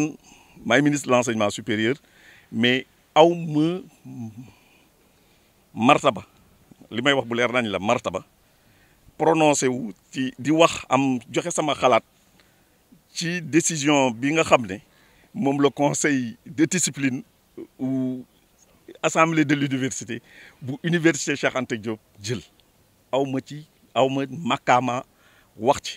je suis ministre de l'enseignement supérieur mais au ma martaba limay wax bu leer la martaba prononcé ci di wax am joxe sama ci décision bi nga le conseil de discipline ou assemblée de l'université bu université Cheikh Anta Diop djel ci wax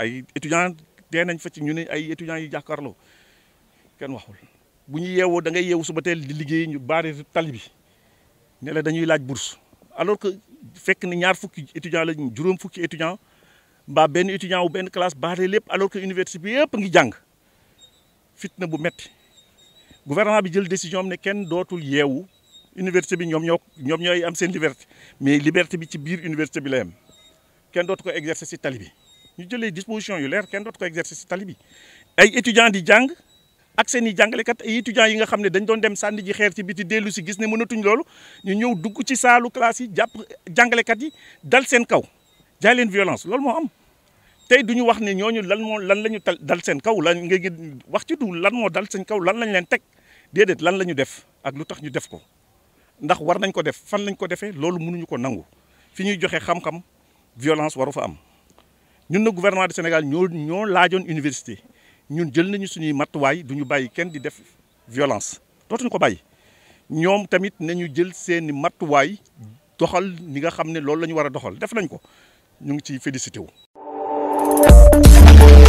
ay étudiants dee nañ fa ci ñu ne ay étudiants yu jàkkaarloo kenn waxul bu ñu yeewoo da ngay yeewu suba te di liggéey ñu baari tali bi ne la dañuy laaj bourse alors que fekk na ñaar fukki étudiants la juróom fukki étudiants mbaa benn étudiant bu benn classe baare lépp alors que université bi yëpp ngi jàng fitna bu metti gouvernement bi jël décision am ne kenn dootul yeewu université bi ñoom ñoo ñoom ñooy am seen liberté mais liberté bi ci biir université bi la yem kenn dootu ko exercer ci tali bi. ñu jëlee disposition yu leer kenn dootu ko exercer si tali bi ay étudiants di jàng ak seen i jàngalekat ay étudiants yi nga xamné dañ doon dem sandi ji xéer ci biti délu ci gis ne mënatuñ lolu ñu ñëw dugg ci salu classe yi japp jàpp kat yi dal seen kaw jaay leen violence lolu mo am tay duñu wax né ñoñu lan moo lan lañu dal seen kaw lan nga wax ci du lan mo dal seen kaw lan lañ leen tek déedéet lan lañu def ak lu tax ñu def ko ndax war nañ ko def fan lañ ko defee lolu mënuñu ko nangu fi ñuy joxe xam-xam violence waru fa am nous, le gouvernement du Sénégal nous, nous Nous université nous jël nous nous nous, def violence nous ko Nous Nous tamit nañu nous seeni Nous doxal ni nga nous, ne loolu la nous, nous doxal def